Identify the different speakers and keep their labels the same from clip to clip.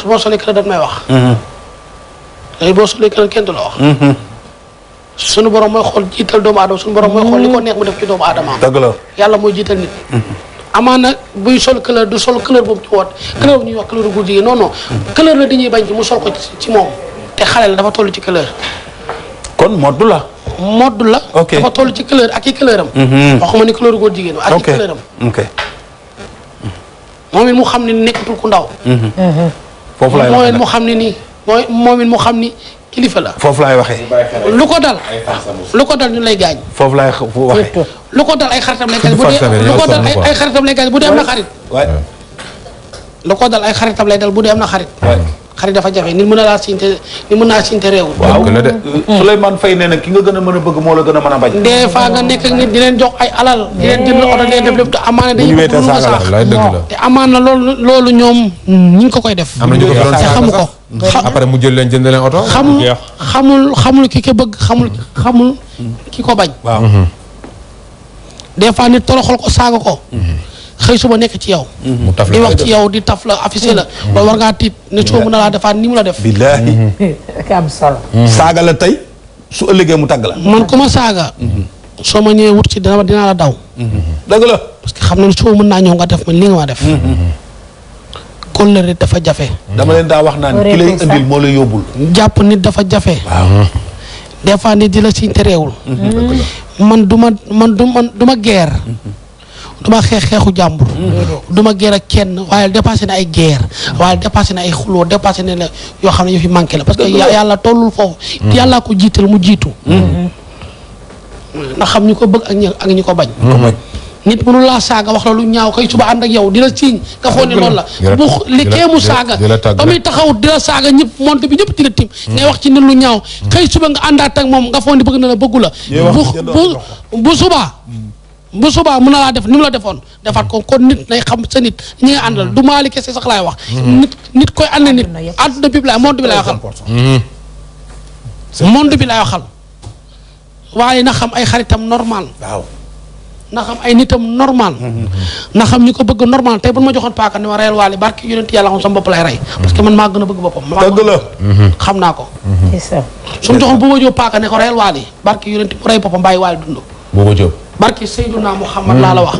Speaker 1: boo solee keneen dañ may wax mm-hmm. léegi boo solee keneen kenn du la wax mm-hmm. suñu borom mooy xool jiital doomu aadama suñu borom mooy xool li ko neex mu def ci doomu aadama dëgg la yàlla mooy jiital nit mm-hmm. amaana buy sol couleur du sol couleur boobu ci woot couleur bu ñuy wax couleur góor jigéen non non bañ ci mu sol ko ci moom te xale la dafa toll ci couleur kon moddu la moddu la dafa toll ci couleur ak i couleur am waxuma ni couleur góor jigéen ak i couleur am moom it mu xam ne nekkatul ku ndaw foofu laay waxee moo xam ne nii mooy moom it mu xam ni kilifa la. foofu laay waxee. lu ko dal lu ko dal ñu lay gaañ. foofu laay waxee. lu ko dal ay xaritam lay gaañ bu dee lu ko dal ay xaritam lay gaañ bu dee am na xarit. lu ko dal ay xaritam lay dal bu dee am na xarit. xarit dafa jafe nit mën a laa sinte nit mën naa sinte réew waaw mm. Souleymane Faye nee na ki nga gën a mën a bëgg moo la gën a mën a bañ des fois nga nekk ak nit di leen jox ay alal di leen jënd oto di leen def lépp te amaana dañuy bëgg amaan na loolu loolu ñoom ñu ngi ko koy def te xamu ko après mu jël leen jënd leen oto xamul xamul xamul ki ko bëgg xamul xamul ki ko bañ des fois nit toroxal ko saaga ko mm-hmm. xey suba nek mm-hmm. ci yow di wax ci yow di tafla officiel la ba mm-hmm. war nga tit ne ci mm-hmm. mo na la defaat ni mu la def billaahi am sal so la tay su ëllëgee mu tag la man kuma saga so soo ma ñëwee wut ci dina la daw dëgg la parce que xamna ne soo na naa nga def ma li nga wa def re dafa jafe dama leen da wax naan ki lay andil mo lay yobul japp nit dafa jafe defa ni di la tereewul man duma man duma man guerre duma xeex xeexu jàmbur. Mm-hmm. duma guerre ak kenn waaye dépassé na ay guerre mm-hmm. waaye dépassé na ay xuloo dépassé na la yoo xam ne ñu fi manqué la parce que yàlla tollul foofu. Mm-hmm. yàllaa ko jiital mu jiitu. ndax xam ñu ko bëgg ak ñi ak ñi ko bañ. nit mënu laa saaga wax la lu ñaaw kay suba ànd ak yow di la siiñ nga xool ne loolu la bu li kee mu saaga ba muy taxaw di la saaga ñëpp monte bi ñëpp di la tim ngay wax ci nit lu ñaaw kay suba nga àndaat ak moom nga foog ne bëgg na la bëggu la bu bu bu subaa bu suba mën na laa def ni mu la defone defat ko kon nit lay xam sa nit ñi nga andal du malike ci sax lay wax nit nit koy and nit add bi la monde bi la xal mm-hmm. monde bi la xal waye na xam ay xaritam normal waaw na xam ay nitam normal mm-hmm. na xam ñuko bëgg normal tay bu ma joxoon paaka ni ma reel wali barki yonent yalla xam sama bop lay ray mm-hmm. parce que man ma gëna bëgg bopam deug la xam na ko su sun joxoon bu ma jox paaka ni ko reel wali barki rey boppam bàyyi waale bu ma jox barki xam man laa la wax.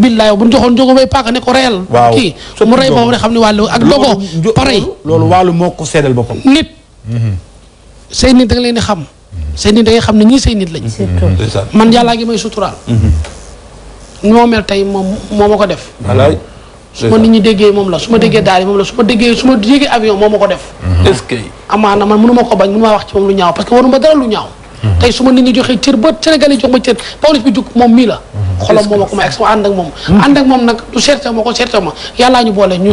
Speaker 1: billaay bu ñu joxoon jogo bay paaka ne ko reyal. waaw kii mu rey boobu ne xam ne wàllu ak dogo. pare loolu wàllu moo ko seedal boppam. nit. Mhm. say nit da leen di xam. say nit da ngay xam ne ñii say nit lañ. Mhm. man yàllaa ngi may suturaal. Mhm. ni moo moom moo ma ko def. su ma nit ñi déggee moom la su ma déggee daal moom la su ma déggee su ma déggee avion moo ma ko def. est amaana man mënu ko bañ mënu wax ci moom lu ñaaw parce que waruma dara lu ñaaw. tey su ma nit ñi joxee cër ba Sénégal yi jox ma cër Pawlish bi jug moom mii la xolam moom ak ma ex ànd ak moom ànd ak moom nag du ñu boole ñu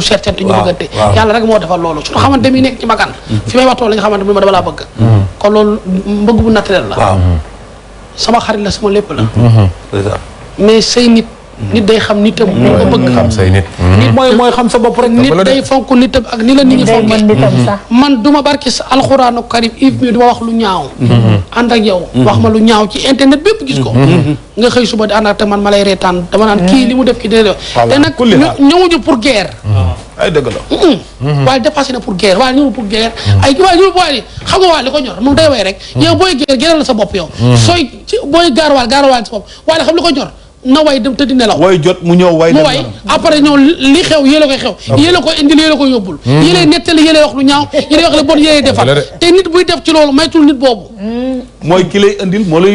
Speaker 1: yàlla rek moo defal loolu suñu xamante mi nekk ci bakkan fi may waxtoo la nga mu ma dama laa bëgg mm-hmm. kon loolu mbëgg bu naturel la sama xarit la sama lépp la mm-hmm. mais say nit nit day xam nitam. lu ko bëgg xam say nit. nit mm-hmm. mooy mooy xam sa bopp rek nit day fonk nitam ak ni la nit ñi fonk mm-hmm. man du ma barki sa alxuraanu karim if mi du ma wax lu ñaaw. Mm-hmm. ànd ak yow. wax ma lu ñaaw ci internet bépp gis ko. nga xëy suba di ànd ak te man ma lay reetaan dama naan kii li mu def ki dina def. te nag ñëwuñu pour guerre. ay dëgg la. waaye dépassé na pour guerre waaye ñëw pour guerre. ay waaye ñëw waaye xam nga waaye li ko ñor moom day way rek. yow booy guerre guerre la sa bopp yow. sooy booy gaarawaal gaarawaal sa bopp waaye xam li ko ñor. na way dem tëdd nelaw way jot mu ñëw way a koy xew yéen a koy indil a koy yóbbul hmm. yéen a nettali yéen a wax lu ñaaw yéen a wax lu bon yéen a defar te nit buy def ci loolu maytul nit boobu hmm. mooy ki ki lay moo lay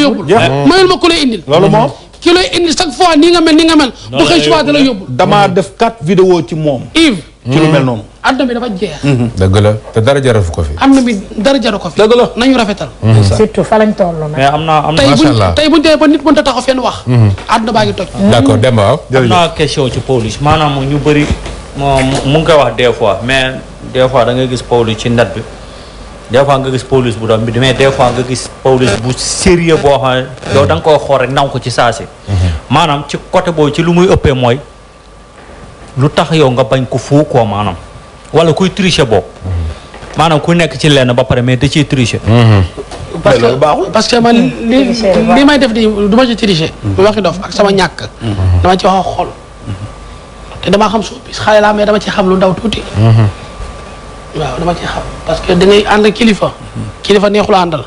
Speaker 1: yóbbul hmm. mayul ma ku lay indil loolu moom ki lay indil chaque fois nga mel ni nga mel bu xëy suba da lay yóbbul damaa def quatre vidéo ci moom ci lu mel noonu. adduna bi dafa jeex. Mhm. dëgg la te dara fu ko fi. am na bi dara jaru ko fi. dëgg la nañu rafetal. Mhm. surtout fa lañ mais am na macha allah tey buñ tey buñ ba nit mënta taxaw fenn wax. Mhm. adduna baa ngi toj. d' accord Demba waaw maanaam ñu bëri mu ngi koy wax des fois mais des fois da ngay gis Pawlish ci ndat bi des fois nga gis Pawlish bu doon bi mais des fois nga gis Pawlish bu sérieux boo xam ne yow danga nga koy xool rek naw ko ci saasi. maanaam ci côté boobu ci lu muy ëppee mooy. lu tax yow nga bañ ko fuu koo maanaam wala kuy tricher bopp maanaam ku nekk ci lenn ba pare mais da ciy tricher parce que baaxul parce que man li li may def di du ma ci tricher mhm. mu waxi dof ak sama ñàkk mhm. dama ci wax xol te mhm. dama xam suuf bi xale laa mais dama ci xam lu ndaw tuuti waaw dama ci xam parce que da ngay ànd kilifa kilifa neexul àndal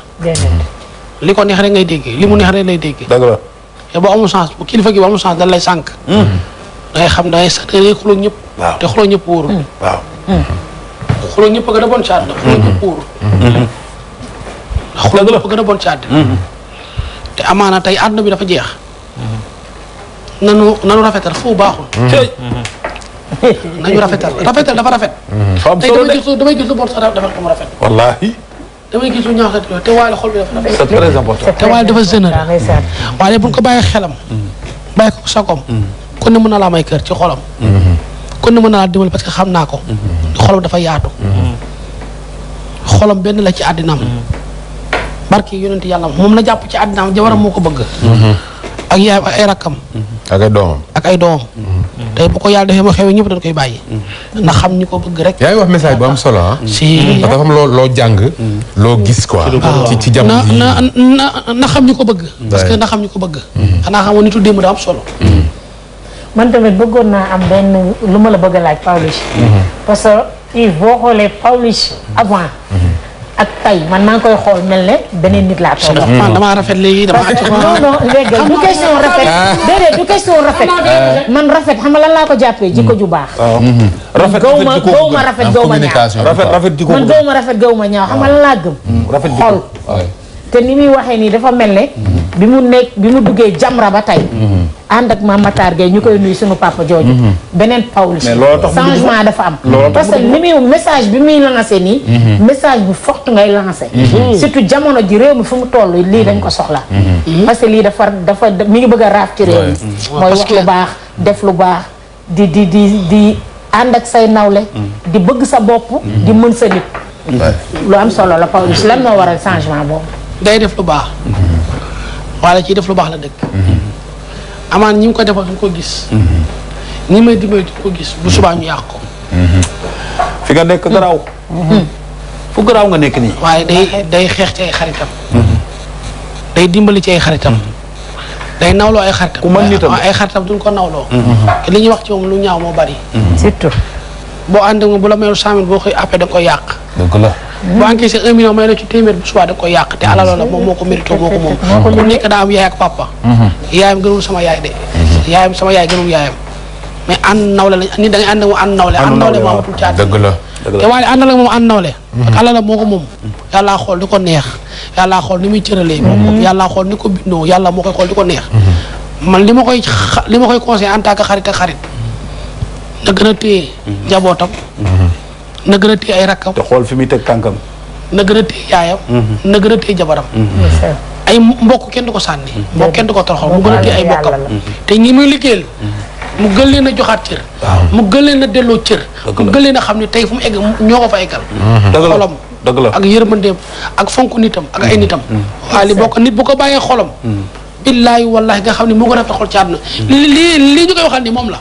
Speaker 1: li ko neex rek ngay dégg limu mu neex rek lay dégg dëgg la te boo amul chance kilifa gi bu amul chance dañ lay sànq dangay xam naa sax xuloo ñëpp. waaw xuloo ñëpp wóorul. Mm. waaw. Mm. xuloo ñëpp a gën a bon ci àddina. Mm-hmm. xuloo ñëpp mm-hmm. mm-hmm. te amaana tey àddina bi dafa jeex. nanu nanu rafetal foo baaxul. nañu rafetal rafetal dafa rafet. dafa am solo de tey damay gis lu bon sax dafa rafet. wallaahi. damay gis lu ñaax rek te waaye xol bi dafa rafet. c'est très important te waaye dafa jeune. waaye bu ñu ko bàyyi xelam. bàyyi ko sakom. ku ne mën na laa may kër ci xolam ku ne mën na laa dimbali parce que xam ko xolam dafa yaatu xolam benn la ci àddinaam barke yonent yàlla moom na jàpp ci àddinaam jabaram moo ko bëgg ak yaayam ak ay rakkam ak ay doomam ak ay doomam tey bu ko yàlla defee ma xewee ñëpp dañ koy bàyyi ndax xam ñi ko bëgg rek yaa ngi wax message bu am solo ah si dafa am lo lo jàng lo gis quoi ci ci jamono ah. na na na xam ñi ko bëgg parce que na xam ñi ko bëgg xanaa xamoon nitu démb da am solo man tamit bëggoon naa am benn lu ma la bëgg a laaj Pawlish mhm. parce que Yves boo xoolee Pawlish avant mhm. ak tay man naa koy xool mel ne beneen nit laa toog. damaa rafet léegi damaa ci ah, non non léegi du question rafet. déedéet du question rafet. Ah. Ah. man rafet xam nga lan laa ko jàppee. jikko ju baax. Mhm. rafet gaw ma gaw ma rafet rafet rafet man gaw ma rafet gaw ñaaw xam nga laa gëm. Mm, rafet jikko xool te ni muy waxee nii dafa mel ne. bi mu nekk bi mu duggee jamra ba tey. ànd ak Mame Matar Gueye ñu koy nuyu suñu papa -hmm. benen Pawlish. changement dafa am. parce que limi message bi mi lancé ni mhm. message bu fort ngay lancé. Mhm. surtout jamono ji réew mi fu mu toll li dañ ko soxla. Mhm. parce que li dafa dafa mi ngi bëgg raf ci réew moy wax lu baax def lu baax di di di di ànd ak say nawlé di bëgg sa bop di mën sa nit. lu am solo la Pawlish lan mo waral changement bo day def lu baax. wala ci def lu baax la dekk amaan ñi ngi ko defal duñ ko gis. Mm-hmm. ñi may dimbali duñ ko gis bu subaa ñu yàq ko. Mm-hmm. fi nga nekk garaaw. Mm-hmm. fu garaaw nga nekk nii. waaye day day xeex ci ay xaritam. day dimbali ci ay xaritam. day nawloo ay xaritam. ku mën nitam ay xaritam duñ ko nawloo. li ñuy wax ci moom lu ñaaw moo bari. surtout boo ànd nga bu la mayul 100000 boo koy appee da nga koy yàq. dëgg la. bu encaissé un million may la ci téeméer bu subaa da koy yàq te alal la moom moo ko mérito moo ko moom mhm. la da ngay ànd ak ànd nawle ànd nawle moo amatul caat dëgg la te waaye ànd mhm. la moom la ko moom yàlla xool ni ko neex yàlla xool ni muy cëralee mhm. moom yàlla xool ni ko bindoo yàlla moo koy xool di ko neex man li ma koy li ma koy conseillé en tant que xarit a xarit na gën a téye njabootam na gën a téye ay rakkam. te xool fi muy teg tànkam. na gën a téye yaayam. Mhm. na gën a téye jabaram. Mhm. ay mbokk kenn ko sànni. Mhm. mbokk kenn du ko toroxal mu gën a téye ay mbokkam. te ñi muy liggéeyal. mu gën leen a joxaat cër. mu gën leen a delloo cër. mu gën a xam ne tey fu mu egg ñoo ko fa eggal. xolam dëgg la ak yërmandeem ak fonk nitam ak ay nitam. waaye li boo ko nit bu ko bàyyee xolam. billaahi wallaahi nga xam ne mu ngi rafet xol ci àdduna. li li li ñu koy waxal ni moom la.